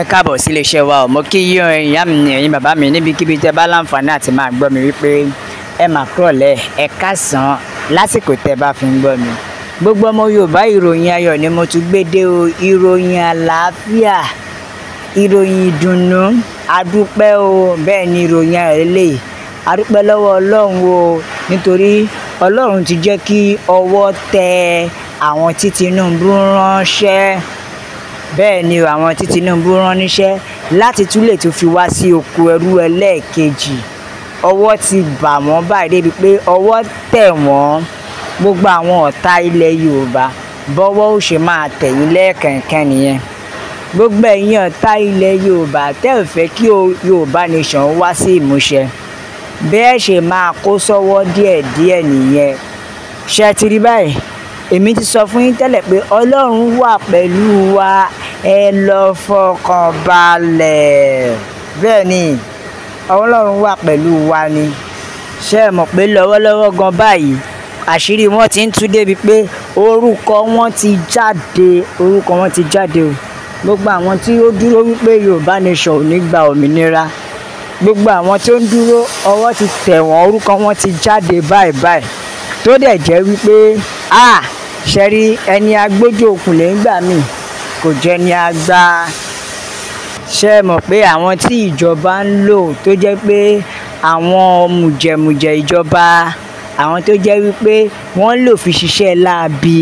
ẹ káàbọ̀ sí iléeṣẹ́ wa ọ̀mọ́ kí yí ìyá mi ní ẹ̀yin bàbá mi níbikíbi tẹ́ bá láǹfààní àti máa gbọ́ mi wípé ẹ mà kúrọ̀lẹ́ ẹ káàsán lásìkò tẹ́ bá fi ń gbọ́ mi. gbogbo ọmọ Yorùbá ìròyìn ayọ̀ ni mo tún gbé dé o ìròyìn àlàáfíà ìròyìn ìdùnnú adúpẹ́ o bẹ́ẹ̀ ni ìròyìn ayọ̀ eléyìí adúpẹ́ lọ́wọ́ Ọlọ́run o nítorí Ọlọ́run ti jẹ́ kí ọwọ́ tẹ àwọn tí Tinubu ránṣẹ́ bẹ́ẹ̀ ni àwọn tí tinubu rán níṣẹ́ láti tún lè tún fi wá sí oko ẹrú ẹlẹ́ẹ̀kejì ọwọ́ ti bà wọ́n báyìí débi pé ọwọ́ tẹ̀ wọ́n gbogbo àwọn ọ̀tá ilẹ̀ yorùbá bọ́wọ́ ó ṣe máa tẹ̀yìn lẹ́ẹ̀kẹ̀kẹ́ nìyẹn gbogbo ẹ̀yin ọ̀tá ilẹ̀ yorùbá tẹ́ ò fẹ́ kí yorùbá nation wá sí ìmúṣẹ bẹ́ẹ̀ ṣe máa kó sọ́wọ́ díẹ̀díẹ̀ nìyẹn ṣe ti rí báyìí èmi ti sọ fún yín tẹ́lẹ̀ pé ọlọ́run wà pẹ̀lú wa ẹ lọ fọkàn balẹ̀ bẹ́ẹ̀ ni ọlọ́run wà pẹ̀lú wa ni ṣé ẹ mọ̀ pé lọ́wọ́lọ́wọ́ gan báyìí àṣírí wọn ti ń tú débi pé orúkọ wọn ti jáde orúkọ wọn ti jáde o gbogbo àwọn tí ó dúró wípé Yorùbá nation ò ní gba òmìnira gbogbo àwọn tí ó ń dúró ọwọ́ ti tẹ̀ wọ́n orúkọ wọn ti jáde báyìí báyìí tó dẹ̀ jẹ́ wípé ah ṣẹ́rí ẹni agbójú òkùnlé ńgbà míì kò jẹ́ ni a gba ṣe mọ̀ pé àwọn tí ìjọba ń lò tó jẹ́ pé àwọn mùjẹ̀mùjẹ̀ ìjọba àwọn tó jẹ́ wípé wọ́n lò fi ṣiṣẹ́ láabi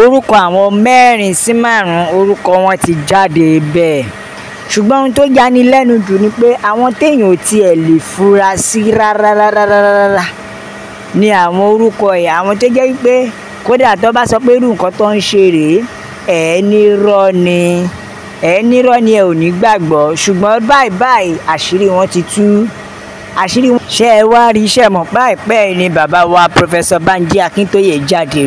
orúkọ àwọn mẹ́rin sí márùn-ún orúkọ wọn ti jáde bẹ́ẹ̀ ṣùgbọ́n ohun tó yani lẹ́nu jù ni pé àwọn téèyàn ò tiẹ̀ lè fura sí rárá rárá rárá ni àwọn orúkọ ẹ̀ àwọn tó jẹ́ wípé kódà tó bá sọ pé irú nǹkan tó ń ṣe rèé ẹ̀ ní rọ́ ni ẹ̀ ní rọ́ ni ẹ ò ní gbàgbọ́ ṣùgbọ́n báyìí báyìí àṣírí wọn ti tú àṣírí wọn. ṣé ẹ wá rí iṣẹ́ mọ̀ páìpẹ́ ni bàbá wa Professor Banji Akíntóyè jáde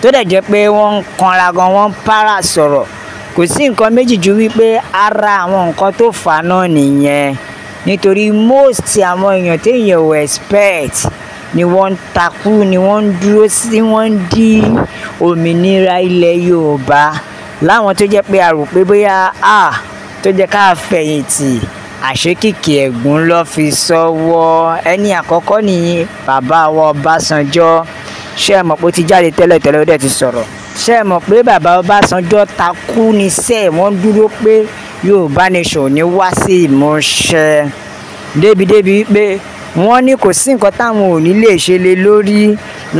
tó dẹ̀ jẹ́ pé wọ́n ń kanra gan wọ́n ń para sọ̀rọ̀ kò sí nǹkan méjì ju wípé ara àwọn nǹkan tó fà náà nìyẹn nítorí most àwọn èèyàn téèyàn ò expect ni wọ́n ń takú ni wọ́n ń dúró sí wọ́n ń dí òmìnira ilẹ̀ Yorùbá láwọn tó jẹ́ pé a rò pé bóyá a tó jẹ́ ká fẹ̀yìntì àṣekìkì ẹ̀gún ló fi sọ́wọ́ ẹni àkọ́kọ́ ni bàbá wa Ọbásanjọ́ ṣé ẹ mọ̀ pé ó ti jáde tẹ́lẹ̀tẹ́lẹ̀ ó dẹ̀ ti sọ̀rọ̀ ṣé ẹ mọ̀ pé bàbá Ọbásanjọ́ takú ní sẹ́ wọ́n dúró pé Yorùbá nation ò ní wá sí ìmúṣẹ débi débi pé wọ́n ní kò sí nǹkan táwọn ò ní lè ṣe lé lórí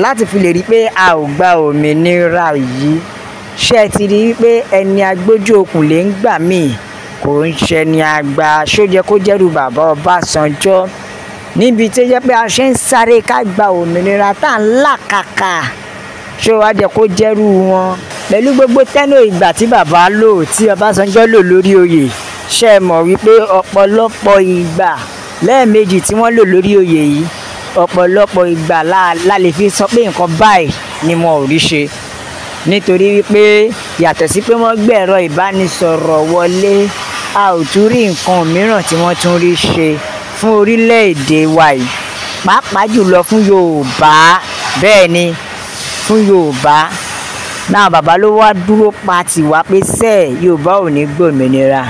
láti fi lè rí i pé a ò gba òmìnira yìí ṣé ẹ ti rí i pé ẹni agbójú okùn lè ń gbà míì kò ń ṣe ni àgbà ṣójẹ kó jẹ́rù bàbá Ọbásanjọ́ níbi tí ó jẹ́ pé a ṣe ń sáré ká gba òmìnira tá à ń làkàkà ṣó wá jẹ́ kó jẹ́rù wọn pẹ̀lú gbogbo tẹ́nu ìgbà tí bàbá lò tí Ọbásanjọ́ lò lórí oyè ṣe é mọ̀ wípé ọ̀pọ̀lọpọ̀ ìgbà lẹ́ẹ̀mejì tí wọ́n lò lórí oyè yìí ọ̀pọ̀lọpọ̀ ìgbà la lè fi sọ pé nǹkan báyìí ni wọn ò rí ṣe nítorí wípé yàtọ̀ sí pé wọ́n gbẹ̀rọ ìbánisọ̀rọ̀ wọlé a ò tún rí nǹkan mìíràn tí wọ́n tún rí ṣe fún orílẹ̀-èdè wa yìí pàápàá jùlọ fún Yorùbá bẹ́ẹ̀ ni fún Yorùbá náà bàbá ló wá dúró pa tiwa pé sẹ́ẹ̀ Yorùbá ò ní gbòmìnira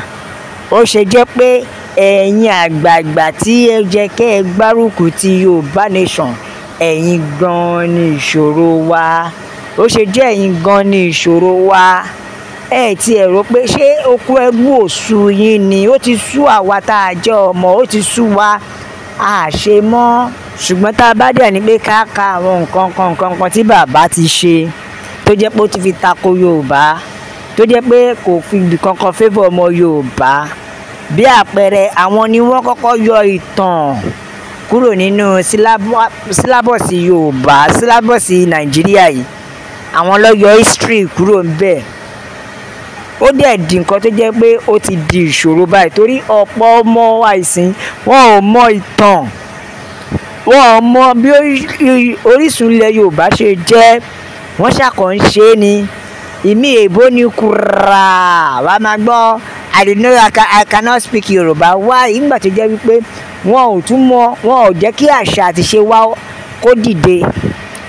ó ṣe jẹ́ pé ẹ̀yin àgbààgbà tí ẹ jẹ́ kẹ́ ẹ gbárùkù ti yorùbá nation ẹ̀yin gan ni ìṣòro wa ó ṣe jẹ́ ẹ̀yin gan-an ni ìṣòro wa ẹ ti ẹ̀ rò pé ṣé okú ẹgbú òṣù yín ni ó ti sú àwa tá a jẹ́ ọmọ ó ti sú wa a ṣe mọ́ ṣùgbọ́n tá a bá dẹ̀ ní pé ká ka àwọn nǹkan kan nǹkan kan tí bàbá ti ṣe tó jẹ́ pé ó ti fi tako yorùbá tó jẹ́ pé kò fi ibì kankan fẹ́fọ̀ ọmọ yorùbá bí àpẹẹrẹ àwọn ni wọ́n kọ́kọ́ yọ ìtàn kúrò nínú sílábọ̀sì yorùbá sílábọ̀sì nàìjíríà yìí àwọn ló yọ history kúrò ńbẹ̀ ó dẹ̀ di nǹkan tó jẹ́ pé ó ti di ìṣòro báyìí torí ọ̀pọ̀ ọmọ àìsìn wọn ò mọ ìtàn wọn ò mọ bí orísun ilẹ̀ yorùbá ṣe jẹ́ wọ́n ṣàkànṣe ni ìmí èèbó ni kúrà wàá máa gbọ́ I did know I, can, I cannot speak Yoruba. why ìgbà tó jẹ́ wípé wọn ò tún mọ wọn ò jẹ́ kí àṣà àti ṣe wa kó dìde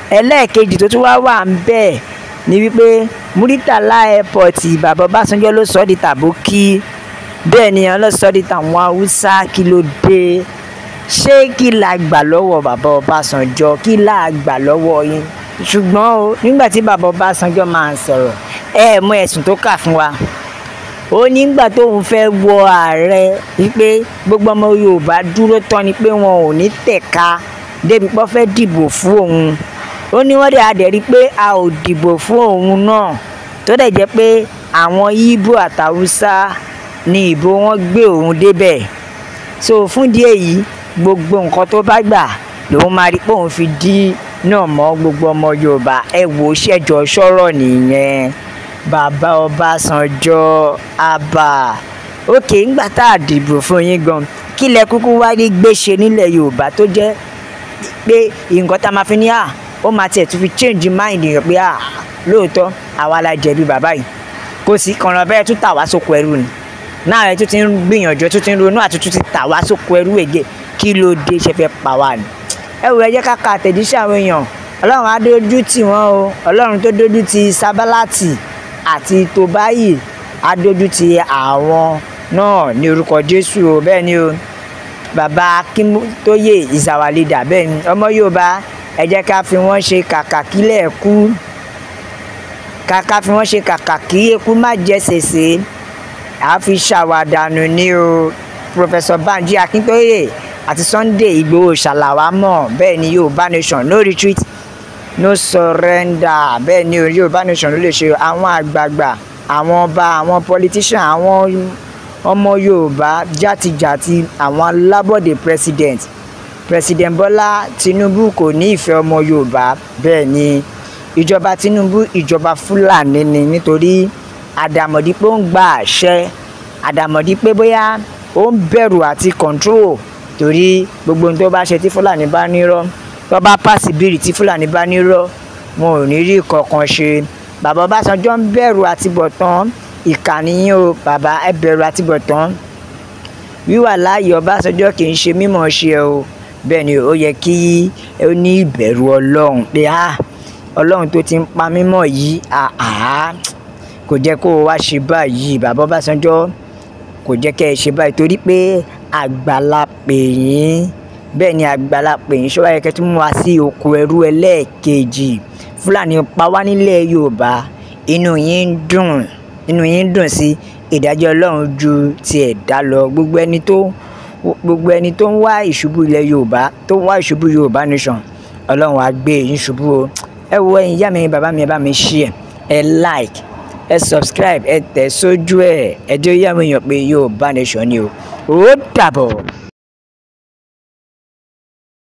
ẹlẹ́ẹ̀kejì tó tún wá wà ń bẹ̀ ni wípé Muritala airport bàbá Ọbásanjọ́ ló sọ ọ́ di tàbókí bẹ́ẹ̀ ni wọ́n lọ sọ ọ́ di tàwọn Haúsá kí ló dé ṣé kí la gbà lọ́wọ́ bàbá Ọbásanjọ́ kí la gbà lọ́wọ́ yín ṣùgbọ́n o nígbà tí bàbá Ọbásanjọ́ máa ń sọ̀rọ̀ ẹ mú ẹ̀sùn tó kà fún wa ó nígbà tóun fẹ́ wọ ààrẹ wípé gbogbo ọmọ Yorùbá dúró tán ni pé wọn ò ní tẹ̀ka débi pọ́ fẹ́ dìbò fún òun ó ní wọ́n dẹ̀ adẹ̀ rí i pé a ò dìbò fún òun náà tó dẹ̀ jẹ́ pé àwọn Ìgbò àtàwùsá ni ìbò wọn gbé òun débẹ̀ so fún díẹ̀ yìí gbogbo nǹkan tó bá gbà lòun máa rí pé òun fi dí náà mọ́ gbogbo ọmọ Yorùbá ẹ wò ó ṣẹjọ sọ̀rọ̀ nìyẹn bàbá ọbadànjọ́ abba òkè ńgbà tá a dìbò fún yín gan kí lẹ kúkú wá rí gbé ṣe nílẹ̀ yorùbá tó jẹ́ pé nǹkan tá a máa fi ní à ó máa tiẹ̀ tún fi change mind yàn pé à lóòótọ́ àwa la jẹ̀bi bàbá yìí kò sí kànràn bẹ́ẹ̀ tún tà wá sóko ẹrú ni náà ẹ tún ti ń gbìyànjú tún ti ń ronú àtúntún ti tà wá sóko ẹrú èdè kí ló dé ṣe fẹ́ pa wá ni. ẹ wò ẹ jẹ́ ká ka àtẹ̀jíṣẹ́ àwọn èèyàn ọlọ́run á tì wọ́n o ọlọ́run tó dójú ti sábàlátì àti tó báyìí á dójú ti àwọn náà ní orúkọ Jésù o bẹ́ẹ̀ ni o bàbá Akíntóyè is our leader bẹ́ẹ̀ ni ọmọ Yorùbá ẹ jẹ́ ká fi wọ́n ṣe kàkà kílẹ̀ kú kàkà fi wọ́n ṣe kàkà kí eku má jẹ ṣèṣe à fi ṣàwàdànù ni o Professor Banji Akíntóyè àti Sunday Ìgbòho ṣàlàwámọ̀ bẹ́ẹ̀ ni Yorùbá Nation no retreat no surrender bẹ́ẹ̀ ni Yorùbá nation ló lè ṣe àwọn àgbààgbà àwọn ọba àwọn politician àwọn ọmọ Yorùbá játijàti àwọn alábọ̀dé president president Bọ́lá Tinubu kò ní ìfẹ́ ọmọ Yorùbá bẹ́ẹ̀ ni ìjọba Tinubu ìjọba Fúlàní ni nítorí àdàmọ̀dí pé ó ń gba àṣẹ àdàmọ̀dí pé bóyá ó ń bẹ̀rù àti control torí gbogbo ohun tó bá ṣe tí Fúlàní bá nírọ́ tó bá pàṣẹ bíìrì tí fúlàní bá nírọ́ wọn ò ní rí kankan ṣe bàbá ọbásanjọ́ ń bẹ̀rù àtibọ̀tán ìkànnì yín o bàbá ẹ bẹ̀rù àtibọ̀tán wíwà láàyè ọbásanjọ́ kì í ṣe mímọ̀ ṣe o bẹ́ẹ̀ ni ó yẹ kí ó ní ìbẹ̀rù ọlọ́run pé á ọlọ́run tó ti ń pa mímọ̀ yìí àá kò jẹ́ kó o wá ṣe báyìí bàbá ọbásanjọ́ kò jẹ́ kẹ́ ẹ ṣe báyìí torí pé àgbàlá pè bẹ́ẹ̀ ni Àgbàlá Pèyí Ṣọ́láyẹkẹ tún mú wa sí oko ẹrú ẹlẹ́ẹ̀kejì Fúlàní pa wá nílẹ̀ Yorùbá inú yín dùn inú yín dùn sí ìdájọ́ Ọlọ́run ju ti ẹ̀dá lọ gbogbo ẹni tó gbogbo ẹni tó ń wá ìṣubú ilẹ̀ Yorùbá tó ń wá ìṣubú Yorùbá nation Ọlọ́run á gbé yín ṣubú o ẹ wo ẹ̀yin ìyá mi bàbá mi ẹ bá mi share ẹ like ẹ subscribe ẹ tẹ̀ sójú ẹ ẹ jẹ́ yá mi yàn pé Yorùbá nation ni o ó dàbọ̀.